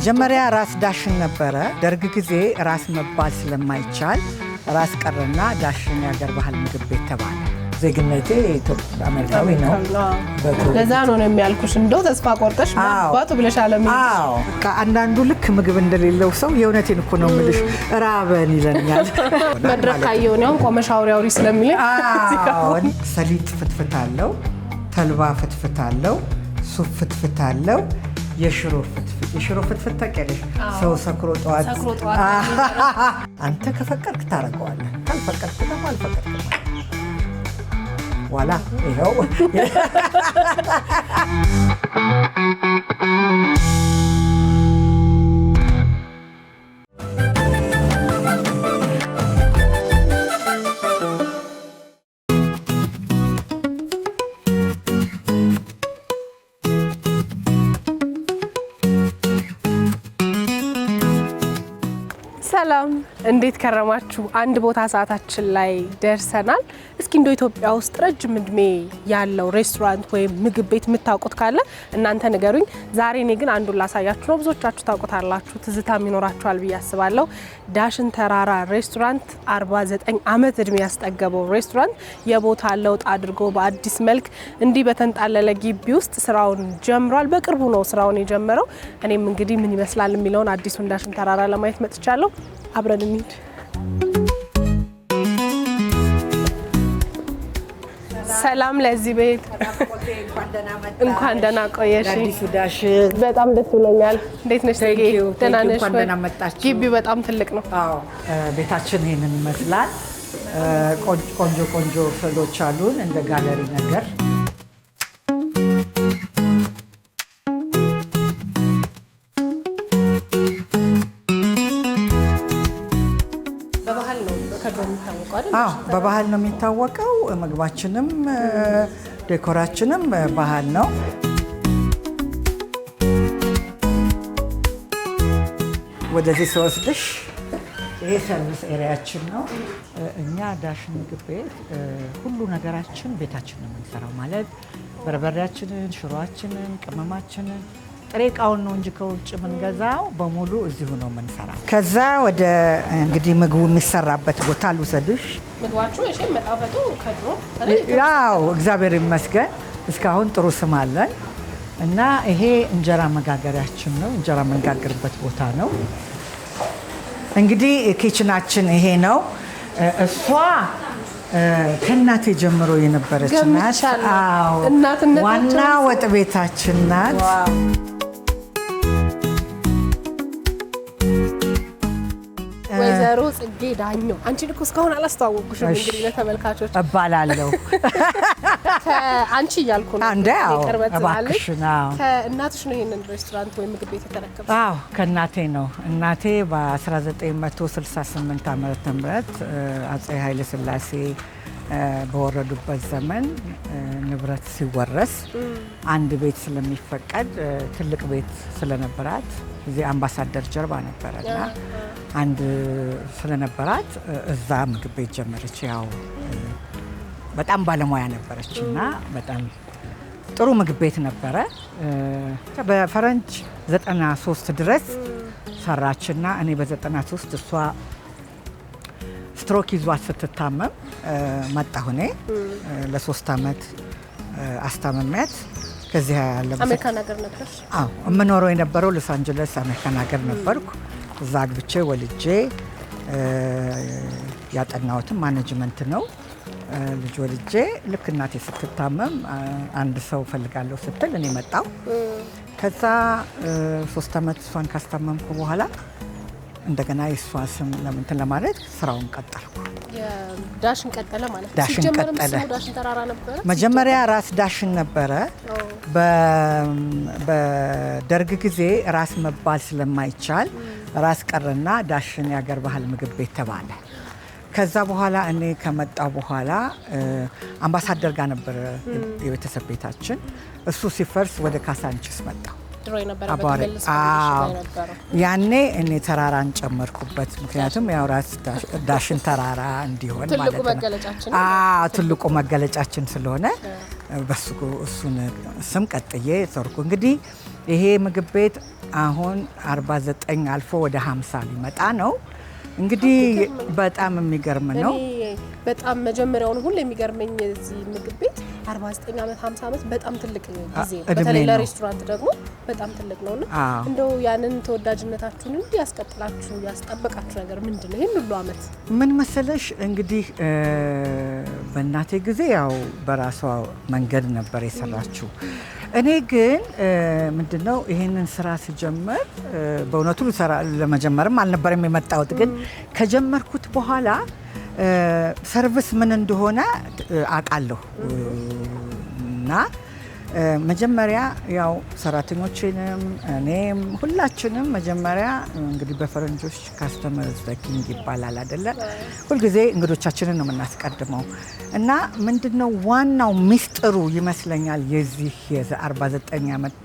መጀመሪያ ራስ ዳሽን ነበረ። ደርግ ጊዜ ራስ መባል ስለማይቻል ራስ ቀረና ዳሽን የሀገር ባህል ምግብ ቤት ተባለ። ዜግነቴ አሜሪካዊ ነው። ለዛ ነው የሚያልኩሽ። እንደው ተስፋ ቆርጠሽ ባቱ ብለሽ አለም። አዎ አንዳንዱ ልክ ምግብ እንደሌለው ሰው የእውነቴን እኮ ነው የምልሽ ራበን ይለኛል። መድረክ ካየውን ያሁን ቆመሽ አውሪ አውሪ ስለሚለኝ ሰሊጥ ፍትፍት አለው፣ ተልባ ፍትፍት አለው፣ ሱፍ ፍትፍት አለው የሽሮ ፍትፍት የሽሮ ፍትፍት ታውቂያለሽ? ሰው ሰክሮ ጠዋት አንተ ከፈቀድክ ታረገዋለህ፣ ካልፈቀድክ ደግሞ አልፈቀድክ ዋላ ይኸው እንዴት ከረማችሁ? አንድ ቦታ ሰዓታችን ላይ ደርሰናል። እስኪ እንደ ኢትዮጵያ ውስጥ ረጅም እድሜ ያለው ሬስቶራንት ወይም ምግብ ቤት የምታውቁት ካለ እናንተ ንገሩኝ። ዛሬ እኔ ግን አንዱን ላሳያችሁ ነው። ብዙዎቻችሁ ታውቁታላችሁ፣ ትዝታም ይኖራችኋል ብዬ አስባለሁ። ዳሽን ተራራ ሬስቶራንት 49 ዓመት እድሜ ያስጠገበው ሬስቶራንት የቦታ ለውጥ አድርጎ በአዲስ መልክ እንዲህ በተንጣለለ ግቢ ውስጥ ስራውን ጀምሯል። በቅርቡ ነው ስራውን የጀመረው። እኔም እንግዲህ ምን ይመስላል የሚለውን አዲሱን ዳሽን ተራራ ለማየት መጥቻለሁ። አብረን እንሂድ። ሰላም ለዚህ ቤት እንኳን ደህና ቆየሽ። በጣም ደስ ብሎኛል። እንዴት ነሽ? ደህና ነሽ? ግቢው በጣም ትልቅ ነው። ቤታችን ይህንን ይመስላል። ቆንጆ ቆንጆ ፍሎች አሉን እንደ ጋለሪ ነገር በባህል ነው የሚታወቀው። ምግባችንም ዴኮራችንም ባህል ነው። ወደዚህ ስወስድሽ ይሄ ሰርቪስ ኤሪያችን ነው። እኛ ዳሽን ምግብ ቤት ሁሉ ነገራችን ቤታችን ነው የምንሰራው ማለት በርበሬያችንን፣ ሽሮችንን፣ ቅመማችንን ጥሬ እቃውን ነው እንጂ ከውጭ የምንገዛው በሙሉ እዚሁ ነው የምንሰራ። ከዛ ወደ እንግዲህ ምግቡ የሚሰራበት ቦታ ልውሰድሽ። ያው እግዚአብሔር ይመስገን እስካሁን ጥሩ ስም አለን እና ይሄ እንጀራ መጋገሪያችን ነው። እንጀራ የምንጋግርበት ቦታ ነው። እንግዲህ ኪችናችን ይሄ ነው። እሷ ከእናቴ ጀምሮ የነበረች ናት። ዋና ወጥ ቤታችን ናት። ወይዘሮ ጽጌ ዳኘው አንቺን እኮ እስካሁን አላስተዋወቅኩሽም። እንግዲህ ለተመልካቾች እባላለሁ አንቺ እያልኩ ነው እንደ ቅርበት ስላለሽ ከእናትሽ ነው ይሄንን ሬስቶራንት ወይም ምግብ ቤት የተረከብሽው? አዎ ከእናቴ ነው። እናቴ በ1968 ዓ ም አፄ ኃይለ ስላሴ በወረዱበት ዘመን ንብረት ሲወረስ አንድ ቤት ስለሚፈቀድ ትልቅ ቤት ስለነበራት እዚህ አምባሳደር ጀርባ ነበረና አንድ ስለነበራት እዛ ምግብ ቤት ጀመረች። ያው በጣም ባለሙያ ነበረች እና በጣም ጥሩ ምግብ ቤት ነበረ። በፈረንጅ 93 ድረስ ሰራችና እኔ በ93 እሷ ስትሮክ ይዟት ስትታመም መጣ ሁኔ ለሶስት አመት አስታመሚያት። ከዚህ ያለ የምኖረው የነበረው ሎስ አንጀለስ አሜሪካን ሀገር ነበርኩ። እዛ አግብቼ ወልጄ ያጠናሁትም ማኔጅመንት ነው። ልጅ ወልጄ ልክ እናቴ ስትታመም አንድ ሰው ፈልጋለሁ ስትል እኔ መጣው። ከዛ ሶስት አመት እሷን ካስታመምኩ በኋላ እንደገና የእሷ ስም ለምንትን ለማለት ስራውን ቀጠልኩ። ዳሽን ቀጠለ ማለት ዳሽን ቀጠለ። መጀመሪያ ራስ ዳሽን ነበረ። በደርግ ጊዜ ራስ መባል ስለማይቻል ራስ ቀረና ዳሽን የአገር ባህል ምግብ ቤት ተባለ። ከዛ በኋላ እኔ ከመጣ በኋላ አምባሳደር ጋር ነበረ የቤተሰብ ቤታችን። እሱ ሲፈርስ ወደ ካሳንችስ መጣ ድሮ ያኔ እኔ ተራራን ጨመርኩበት። ምክንያቱም ያው ራስ ዳሽን ተራራ እንዲሆን ማለት ነው። ትልቁ መገለጫችን ስለሆነ በሱ እሱን ስም ቀጥዬ ሰርኩ። እንግዲህ ይሄ ምግብ ቤት አሁን 49 አልፎ ወደ 50 ሊመጣ ነው። እንግዲህ በጣም የሚገርም ነው። በጣም መጀመሪያውን ሁሉ የሚገርመኝ እዚህ ምግብ ቤት 49 ዓመት 50 ዓመት በጣም ትልቅ ጊዜ ነው። በተለይ ለሬስቶራንት ደግሞ በጣም ትልቅ እና እንደው ያንን ተወዳጅነታችሁን ያስቀጥላችሁ ያስጠበቃችሁ ነገር ምንድን ነው? ይህን ሁሉ ዓመት ምን መሰለሽ እንግዲህ በእናቴ ጊዜ ያው በራሷ መንገድ ነበር የሰራችው። እኔ ግን ምንድነው ይህንን ስራ ስጀምር በእውነቱ ለመጀመርም አልነበረም የመጣሁት፣ ግን ከጀመርኩት በኋላ ሰርቪስ ምን እንደሆነ አውቃለሁ እና መጀመሪያ ያው ሰራተኞችንም እኔም ሁላችንም መጀመሪያ እንግዲህ በፈረንጆች ካስተመር ዘኪንግ ይባላል አደለ? ሁልጊዜ እንግዶቻችንን ነው የምናስቀድመው እና ምንድነው ዋናው ሚስጥሩ ይመስለኛል የዚህ የ49 ዓመት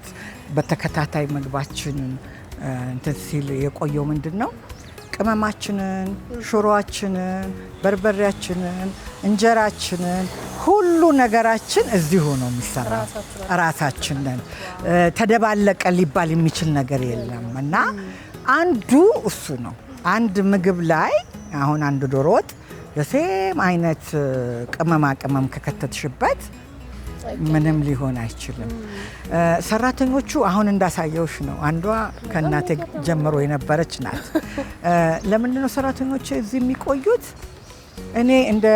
በተከታታይ ምግባችን እንትን ሲል የቆየው ምንድን ነው ቅመማችንን፣ ሽሮአችንን፣ በርበሬያችንን፣ እንጀራችንን ሁሉ ነገራችን እዚሁ ነው የሚሰራ። ራሳችንን ተደባለቀ ሊባል የሚችል ነገር የለም እና አንዱ እሱ ነው። አንድ ምግብ ላይ አሁን አንድ ዶሮ ወጥ የሴም አይነት ቅመማ ቅመም ከከተትሽበት ምንም ሊሆን አይችልም። ሰራተኞቹ አሁን እንዳሳየውሽ ነው። አንዷ ከእናቴ ጀምሮ የነበረች ናት። ለምንድነው ሰራተኞች እዚህ የሚቆዩት? እኔ እንደ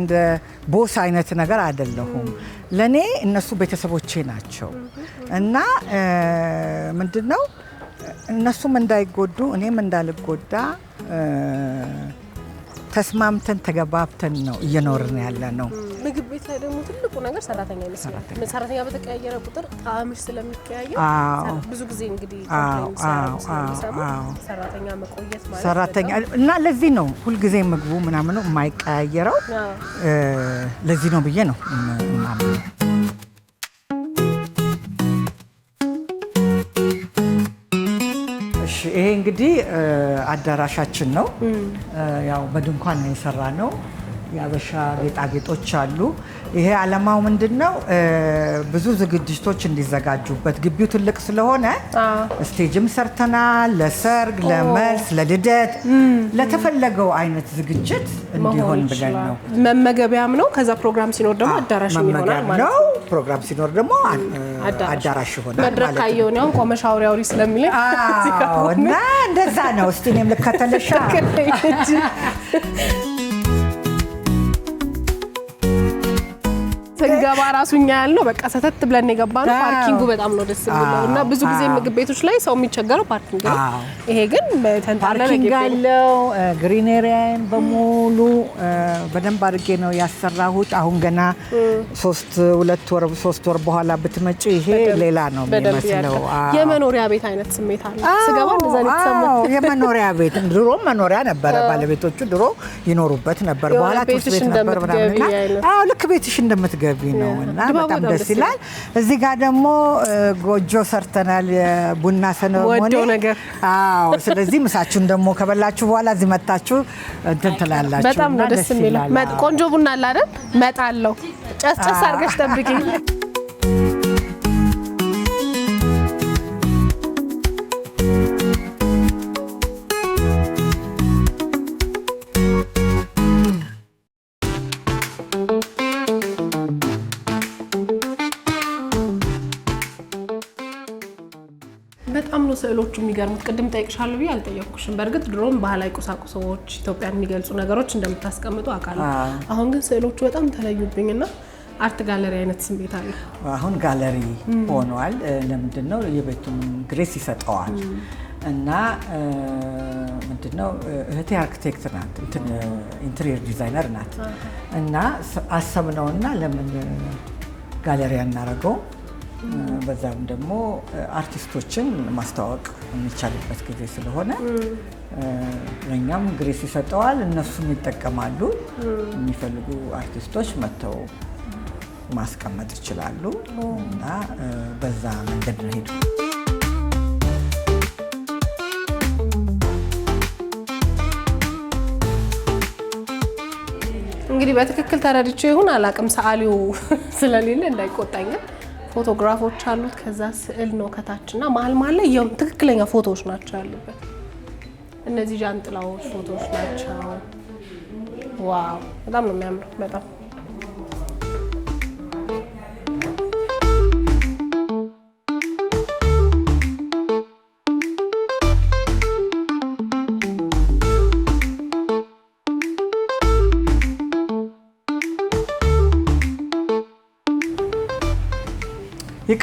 እንደ ቦስ አይነት ነገር አይደለሁም። ለእኔ እነሱ ቤተሰቦቼ ናቸው እና ምንድነው እነሱም እንዳይጎዱ እኔም እንዳልጎዳ ተስማምተን ተገባብተን ነው እየኖርን ያለ ነው። ምግብ ቤት ላይ ደግሞ ትልቁ ነገር ሰራተኛ ይመስላል። ሰራተኛ በተቀያየረ ቁጥር ጣዕምሽ ስለሚቀያየር ብዙ ጊዜ እንግዲህ ሰራተኛ መቆየት ማለት ሰራተኛ እና ለዚህ ነው ሁልጊዜ ምግቡ ምናምኑ የማይቀያየረው ለዚህ ነው ብዬ ነው ይሄ እንግዲህ አዳራሻችን ነው። ያው በድንኳን ነው የሰራ ነው። የአበሻ ጌጣጌጦች አሉ። ይሄ አለማው ምንድን ነው? ብዙ ዝግጅቶች እንዲዘጋጁበት ግቢው ትልቅ ስለሆነ ስቴጅም ሰርተናል። ለሰርግ፣ ለመልስ፣ ለልደት፣ ለተፈለገው አይነት ዝግጅት እንዲሆን ብለን ነው። መመገቢያም ነው። ከዛ ፕሮግራም ሲኖር ደግሞ አዳራሽ ይሆናል ማለት ነው። ፕሮግራም ሲኖር ደግሞ አዳራሽ ይሆናል። መድረክ ካየሁ እኔ አሁን ቆመሽ አውሪ አውሪ ስለሚለኝ እና እንደዛ ነው። እስቲ እኔም ልከተልሻ ስንገባ ራሱ እኛ ያልነው በቃ ሰተት ብለን የገባ ነው። ፓርኪንጉ በጣም ነው ደስ የሚለው እና ብዙ ጊዜ ምግብ ቤቶች ላይ ሰው የሚቸገረው ፓርኪንግ ነው። ይሄ ግን ፓርኪንግ አለው። ግሪኔሪያን በሙሉ በደንብ አድርጌ ነው ያሰራሁት። አሁን ገና ሶስት ሁለት ወር ሶስት ወር በኋላ ብትመጪ ይሄ ሌላ ነው የሚመስለው። የመኖሪያ ቤት አይነት ስሜት አለ ስገባ እንደዛ ነው የተሰማው። የመኖሪያ ቤት ድሮ መኖሪያ ነበረ። ባለቤቶቹ ድሮ ይኖሩበት ነበር። በኋላ ትምህርት ቤት ነበር ምናምን። ልክ ቤትሽ እንደምትገቢ ተገቢ ነው እና በጣም ደስ ይላል። እዚህ ጋር ደግሞ ጎጆ ሰርተናል፣ ቡና ሰነሞኒ ነገር። አዎ፣ ስለዚህ ምሳችሁን ደግሞ ከበላችሁ በኋላ እዚህ መታችሁ እንትን ትላላችሁ። በጣም ነው ደስ የሚለው። ቆንጆ ቡና አለ አይደል? መጣለሁ። ጨስጨስ አድርገሽ ጠብቂኝ። ስዕሎቹ የሚገርሙት ቅድም ጠይቅሻለሁ ብዬ አልጠየቅኩሽም። በእርግጥ ድሮም ባህላዊ ቁሳቁሶች ኢትዮጵያን የሚገልጹ ነገሮች እንደምታስቀምጡ አውቃለሁ። አሁን ግን ስዕሎቹ በጣም ተለዩብኝና አርት ጋለሪ አይነት ስሜት አለ። አሁን ጋለሪ ሆኗል። ለምንድን ነው የቤቱን ግሬስ ይሰጠዋል። እና ምንድን ነው እህቴ አርክቴክት ናት፣ ኢንቴሪየር ዲዛይነር ናት። እና አሰብነውና ለምን ጋለሪ አናረገው በዛም ደግሞ አርቲስቶችን ማስተዋወቅ የሚቻልበት ጊዜ ስለሆነ ለእኛም ግሬስ ይሰጠዋል። እነሱም ይጠቀማሉ። የሚፈልጉ አርቲስቶች መጥተው ማስቀመጥ ይችላሉ እና በዛ መንገድ ነው ሄዱ። እንግዲህ በትክክል ተረድቼ ይሁን አላቅም፣ ሰዓሊው ስለሌለ እንዳይቆጣኛል ፎቶግራፎች አሉት። ከዛ ስዕል ነው ከታች እና መሀል መሀል ላይ ያው ትክክለኛ ፎቶዎች ናቸው ያሉበት። እነዚህ ጃንጥላዎች ፎቶዎች ናቸው። ዋው በጣም ነው የሚያምረው በጣም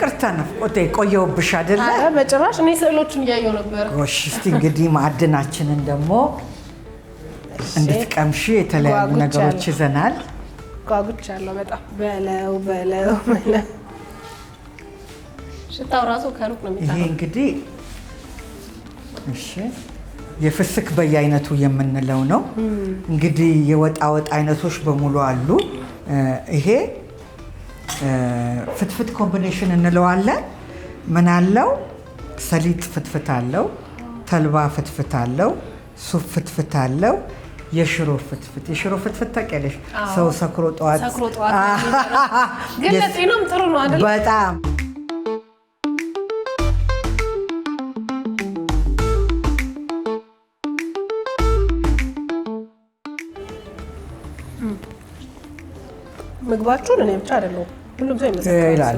ይቅርታ ናፍቆቴ ቆየሁብሽ አይደለ? በጭራሽ እኔ ስዕሎቹን እያየሁ ነበር። ጎሽ እስቲ እንግዲህ ማዕድናችንን ደግሞ እንድትቀምሺ የተለያዩ ነገሮች ይዘናል። ጓጉቻለሁ በጣም በለው በለው በለው። ሽታው ራሱ ከሩቅ ነው የሚጣለው። ይሄ እንግዲህ እሺ የፍስክ በየአይነቱ የምንለው ነው። እንግዲህ የወጣወጥ አይነቶች በሙሉ አሉ። ይሄ ፍትፍት ኮምቢኔሽን እንለዋለን። ምን አለው? ሰሊጥ ፍትፍት አለው፣ ተልባ ፍትፍት አለው፣ ሱፍ ፍትፍት አለው፣ የሽሮ ፍትፍት የሽሮ ፍትፍት ታውቂያለሽ? ሰው ሰክሮ ጠዋት ግን ለጤናም ጥሩ ነው አይደል? በጣም ምግባችሁን እኔ ብቻ አይደለሁም ሁሉም ሰው ይመስላል።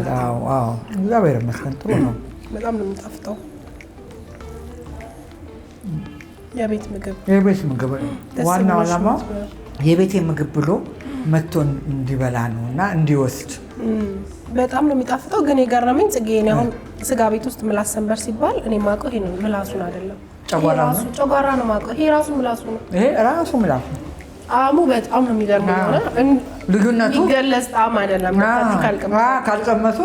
እግዚአብሔር ይመስገን ጥሩ ነው። በጣም ነው የሚጣፍጠው። የቤት ምግብ የቤት ምግብ ዋናው ዓላማው የቤቴ ምግብ ብሎ መጥቶ እንዲበላ ነው እና እንዲወስድ በጣም ነው የሚጣፍጠው። ግን የገረመኝ ጽጌ፣ እኔ አሁን ስጋ ቤት ውስጥ ምላስ ሰንበር ሲባል እኔ የማውቀው ይሄ ምላሱን አይደለም ጨጓራ ነው የማውቀው። ይሄ ራሱ ምላሱ ነው። ይሄ ራሱ ምላሱ አሙ በጣም ነው የሚገርመው። ልዩነቱ ይገለጽ ጣም አይደለም ካልቀመሱ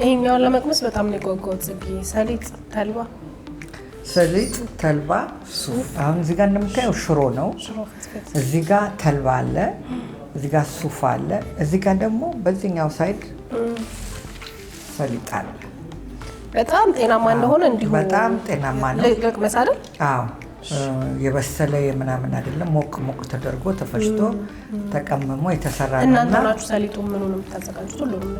ይሄኛውን ለመቅመስ በጣም ነው የጓጓሁት። ጽጌ ሰሊጥ ተልባ ሰሊጥ፣ ተልባ፣ ሱፍ። አሁን እዚህ ጋር እንደምታየው ሽሮ ነው። እዚህ ጋር ተልባ አለ፣ እዚህ ጋር ሱፍ አለ፣ እዚህ ጋር ደግሞ በዚህኛው ሳይድ ሰሊጥ አለ። በጣም ጤናማ እንደሆነ እንዲሁ በጣም ጤናማ ነው። ልቅመስ አይደል? አዎ የበሰለ የምናምን አይደለም። ሞቅ ሞቅ ተደርጎ ተፈጭቶ ተቀምሞ የተሰራ ነው። እናንተ ናችሁ ሰሊጡ ምኑን የምታዘጋጁት? ሁሉንም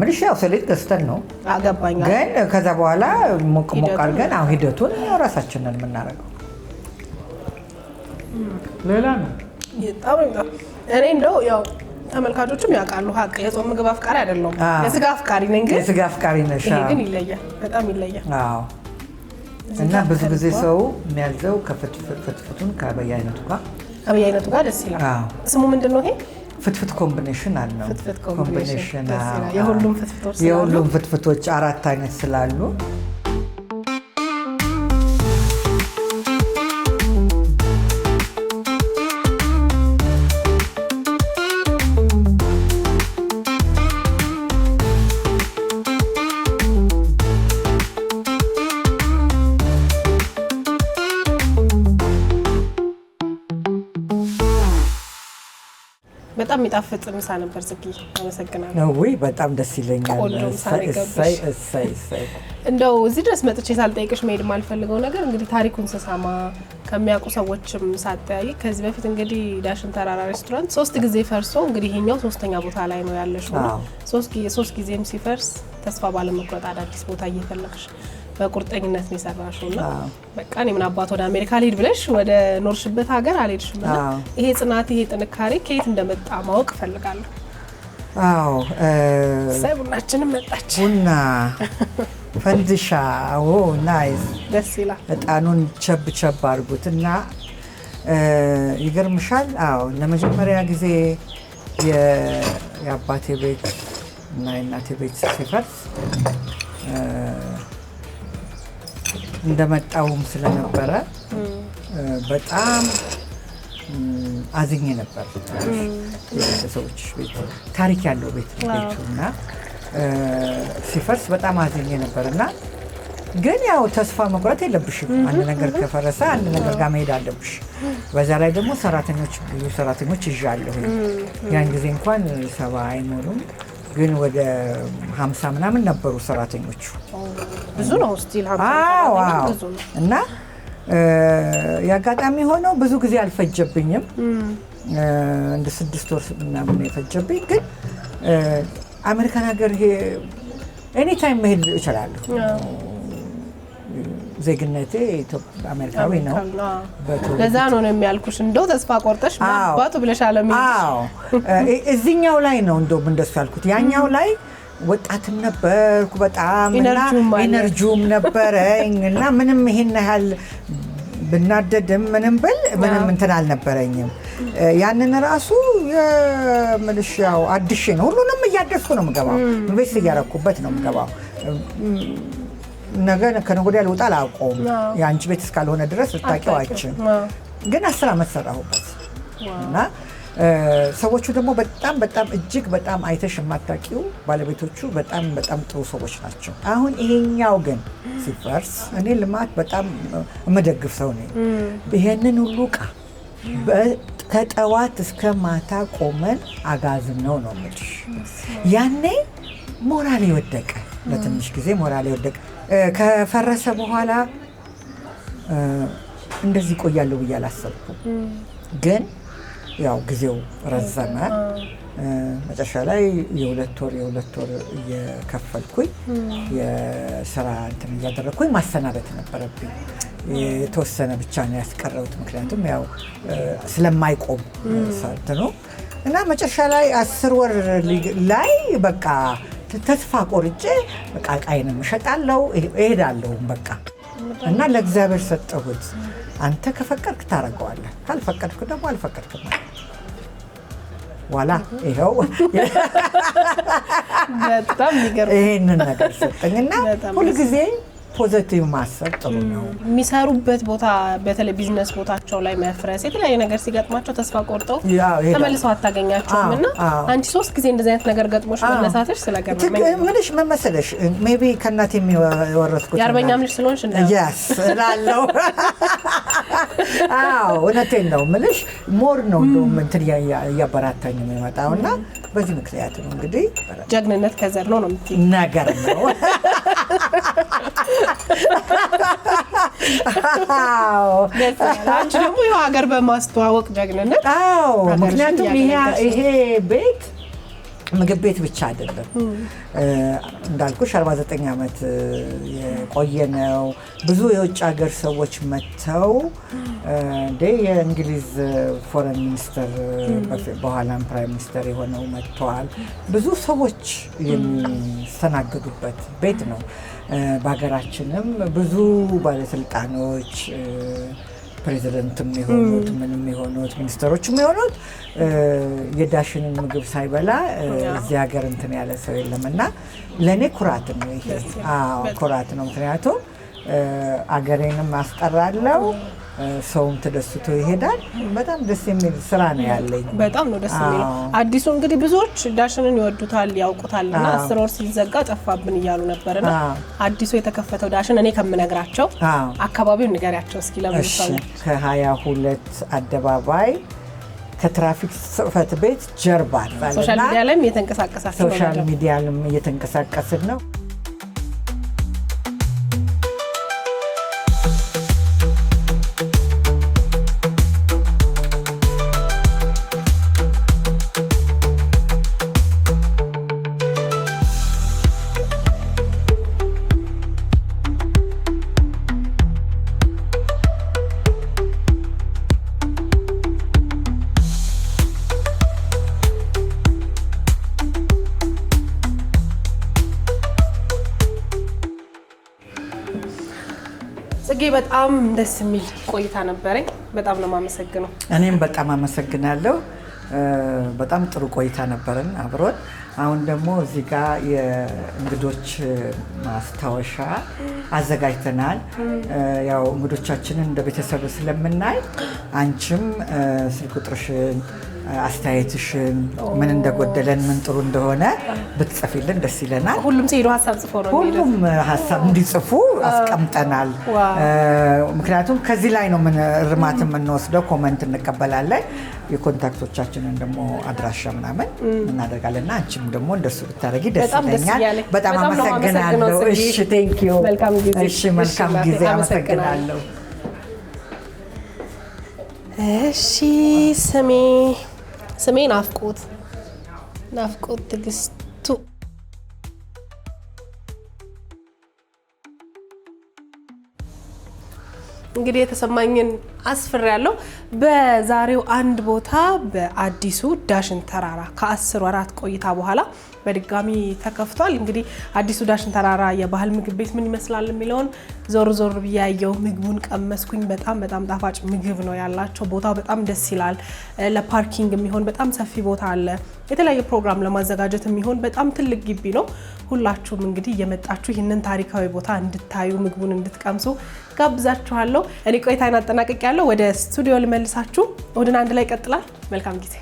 ነገር ያው ሰሊጥ ገዝተን ነው አገባኝ። ግን ከዛ በኋላ ሞቅ ሞቅ አድርገን አሁ ሂደቱን ራሳችንን የምናደርገው ሌላ ነው። እኔ እንደው ያው ተመልካቾችም ያውቃሉ ሀቅ የጾም ምግብ አፍቃሪ አይደለሁም። የስጋ አፍቃሪ ነኝ። ግን የስጋ አፍቃሪ ነሽ፣ ግን ይለያል፣ በጣም ይለያል። እና ብዙ ጊዜ ሰው የሚያዘው ከፍትፍቱን ከአብያ አይነቱ ጋር አብያ አይነቱ ጋር ደስ ይላል። ስሙ ምንድን ነው ይሄ? ፍትፍት ኮምቢኔሽን አለው። የሁሉም ፍትፍቶች አራት አይነት ስላሉ በጣም የሚጣፍጥ ምሳ ነበር። ጽጌ አመሰግናለሁ። ወይ በጣም ደስ ይለኛል። እንደው እዚህ ድረስ መጥቼ ሳልጠይቅሽ መሄድ የማልፈልገው ነገር እንግዲህ ታሪኩን ስሰማ ከሚያውቁ ሰዎችም ሳጠያይቅ ከዚህ በፊት እንግዲህ ዳሽን ተራራ ሬስቶራንት ሶስት ጊዜ ፈርሶ እንግዲህ ይሄኛው ሶስተኛ ቦታ ላይ ነው ያለሽ። ሶስት ጊዜም ሲፈርስ ተስፋ ባለመቁረጥ አዳዲስ ቦታ እየፈለግሽ በቁርጠኝነት ነው የሰራሽው እና በቃ እኔ ምን አባት ወደ አሜሪካ ልሄድ ብለሽ ወደ ኖርሽበት ሀገር አልሄድሽም እና ይሄ ጽናት ይሄ ጥንካሬ ከየት እንደመጣ ማወቅ እፈልጋለሁ። አዎ ቡናችንም መጣች። ቡና ፈንድሻ። አዎ ናይስ፣ ደስ ይላል። እጣኑን ቸብ ቸብ አድርጉት እና ይገርምሻል። አዎ ለመጀመሪያ ጊዜ የአባቴ ቤት እና የእናቴ ቤት ሲፈርስ እንደመጣውም ስለነበረ በጣም አዝኝ ነበር። ቤተሰቦች ቤት ታሪክ ያለው ቤት ቤቱ እና ሲፈርስ በጣም አዝኝ ነበር እና ግን ያው ተስፋ መቁረጥ የለብሽም። አንድ ነገር ከፈረሰ አንድ ነገር ጋር መሄድ አለብሽ። በዛ ላይ ደግሞ ሰራተኞች ብዙ ሰራተኞች ይዣለሁ። ያን ጊዜ እንኳን ሰባ አይኖሩም፣ ግን ወደ ሀምሳ ምናምን ነበሩ ሰራተኞቹ ብዙ ነው ስቲል እና የአጋጣሚ ሆኖ ብዙ ጊዜ አልፈጀብኝም። እንደ ስድስት ወር ምናምን የፈጀብኝ ግን አሜሪካን ሀገር ይሄ ኤኒታይም መሄድ እችላለሁ። ዜግነቴ አሜሪካዊ ነው። ለዛ ነው የሚያልኩሽ እንደው ተስፋ ቆርጠሽ ባቱ ብለሽ አለመሄድሽ እዚህኛው ላይ ነው እንደውም እንደሱ ያልኩት ያኛው ላይ ወጣትም ነበርኩ በጣም እና ኢነርጂውም ነበረኝ እና ምንም ይሄን ያህል ብናደድም ምንም ብል ምንም እንትን አልነበረኝም። ያንን ራሱ የምልሻው አዲሽ ነው። ሁሉንም እያደስኩ ነው ምገባው፣ ቤት እያረኩበት ነው ምገባው። ነገ ከነገ ወዲያ ልውጣ አላውቀውም። የአንቺ ቤት እስካልሆነ ድረስ ልታውቂዋችን ግን አስር ዓመት ሰራሁበት እና ሰዎቹ ደግሞ በጣም በጣም እጅግ በጣም አይተሽ የማታውቂው ባለቤቶቹ በጣም በጣም ጥሩ ሰዎች ናቸው። አሁን ይሄኛው ግን ሲፈርስ እኔ ልማት በጣም የምደግፍ ሰው ነኝ። ይሄንን ሁሉ እቃ ከጠዋት እስከ ማታ ቆመን አጋዝን ነው ነው የምልሽ። ያኔ ሞራል የወደቀ ለትንሽ ጊዜ ሞራል የወደቀ ከፈረሰ በኋላ እንደዚህ ቆያለሁ ብዬ አላሰብኩም ግን ያው ጊዜው ረዘመ። መጨረሻ ላይ የሁለት ወር የሁለት ወር እየከፈልኩኝ የስራ እንትን እያደረግኩኝ ማሰናበት ነበረብኝ። የተወሰነ ብቻ ነው ያስቀረሁት፣ ምክንያቱም ያው ስለማይቆም እንትኑ እና መጨረሻ ላይ አስር ወር ላይ በቃ ተስፋ ቆርጬ በቃ ቃይንም እሸጣለሁ እሄዳለሁም በቃ እና ለእግዚአብሔር ሰጠሁት። አንተ ከፈቀድክ ታረገዋለህ፣ ካልፈቀድክ ደግሞ አልፈቀድክም ዋላ ይኸው ይህንን ነገር ሰጠኝና ሁልጊዜ ፖዘቲቭ ማሰብ ጥሩ ነው። የሚሰሩበት ቦታ በተለይ ቢዝነስ ቦታቸው ላይ መፍረስ፣ የተለያየ ነገር ሲገጥማቸው ተስፋ ቆርጠው ተመልሰው አታገኛቸውም እና አንቺ ሶስት ጊዜ እንደዚህ አይነት ነገር ገጥሞች መነሳትሽ ስለገምሽ ምን መሰለሽ ሜይ ቢ ከእናቴ የሚወረስኩት የአርበኛም ልጅ ስለሆንሽ ላለው አዎ እውነቴን ነው የምልሽ። ሞር ነው እንደውም እንትን እያበራታኝ የሚመጣው እና በዚህ ምክንያት ነው እንግዲህ ጀግንነት ከዘር ነው ነው የምትይው ነገር ነው አንቺ ደግሞ ይኸው ሀገር በማስተዋወቅ ጀግንነት። አዎ ምክንያቱም ይሄ ቤት ምግብ ቤት ብቻ አይደለም እንዳልኩሽ 49 ዓመት የቆየ ነው። ብዙ የውጭ ሀገር ሰዎች መጥተው እንደ የእንግሊዝ ፎረን ሚኒስተር በኋላም ፕራይም ሚኒስተር የሆነው መጥተዋል። ብዙ ሰዎች የሚስተናገዱበት ቤት ነው። በሀገራችንም ብዙ ባለስልጣኖች ፕሬዚደንትም የሆኑት ምንም የሆኑት ሚኒስትሮችም የሆኑት የዳሽን ምግብ ሳይበላ እዚህ ሀገር እንትን ያለ ሰው የለም እና ለእኔ ኩራት ነው። ይሄ ኩራት ነው። ምክንያቱም አገሬንም አስጠራለው ሰውም ተደስቶ ይሄዳል። በጣም ደስ የሚል ስራ ነው ያለኝ። በጣም ነው ደስ የሚል። አዲሱ እንግዲህ ብዙዎች ዳሽንን ይወዱታል ያውቁታል፣ እና አስር ወር ሲዘጋ ጠፋብን እያሉ ነበር። ና አዲሱ የተከፈተው ዳሽን እኔ ከምነግራቸው አካባቢው ንገሪያቸው እስኪ ለምሳሌ ከሀያ ሁለት አደባባይ ከትራፊክ ጽሕፈት ቤት ጀርባ ሶሻል ሚዲያ ላይም እየተንቀሳቀሳችሁ ሶሻል ሚዲያ ላይም እየተንቀሳቀስን ነው። እጅጌ በጣም ደስ የሚል ቆይታ ነበረኝ። በጣም ነው የማመሰግነው። እኔም በጣም አመሰግናለሁ። በጣም ጥሩ ቆይታ ነበረን አብሮን። አሁን ደግሞ እዚህ ጋር የእንግዶች ማስታወሻ አዘጋጅተናል። ያው እንግዶቻችንን እንደ ቤተሰብ ስለምናይ አንቺም ስልክ ቁጥርሽን አስተያየትሽን ምን እንደጎደለን ምን ጥሩ እንደሆነ ብትጽፊልን ደስ ይለናል። ሁሉም ሲሄዱ ሀሳብ ጽፎ ነው ሁሉም ሀሳብ እንዲጽፉ አስቀምጠናል። ምክንያቱም ከዚህ ላይ ነው እርማት የምንወስደው። ኮመንት እንቀበላለን። የኮንታክቶቻችንን ደግሞ አድራሻ ምናምን እናደርጋለን እና አንቺም ደግሞ እንደሱ ብታደርጊ ደስ ይለኛል። በጣም አመሰግናለሁ። እሺ፣ መልካም ጊዜ። አመሰግናለሁ። እሺ ስሜ ስሜ ናፍቆት ናፍቆት ትግስቱ። እንግዲህ የተሰማኝን አስፍሬ ያለው በዛሬው አንድ ቦታ በአዲሱ ዳሽን ተራራ ከአስር ወራት ቆይታ በኋላ በድጋሚ ተከፍቷል። እንግዲህ አዲሱ ዳሽን ተራራ የባህል ምግብ ቤት ምን ይመስላል የሚለውን ዞር ዞር ብያየው ምግቡን ቀመስኩኝ። በጣም በጣም ጣፋጭ ምግብ ነው ያላቸው። ቦታው በጣም ደስ ይላል። ለፓርኪንግ የሚሆን በጣም ሰፊ ቦታ አለ። የተለያየ ፕሮግራም ለማዘጋጀት የሚሆን በጣም ትልቅ ግቢ ነው። ሁላችሁም እንግዲህ እየመጣችሁ ይህንን ታሪካዊ ቦታ እንድታዩ ምግቡን እንድትቀምሱ ጋብዛችኋለሁ። እኔ ቆይታዬን አጠናቅቄያለሁ። ያለው ወደ ስቱዲዮ ልመልሳችሁ። እሁድን አንድ ላይ ይቀጥላል። መልካም ጊዜ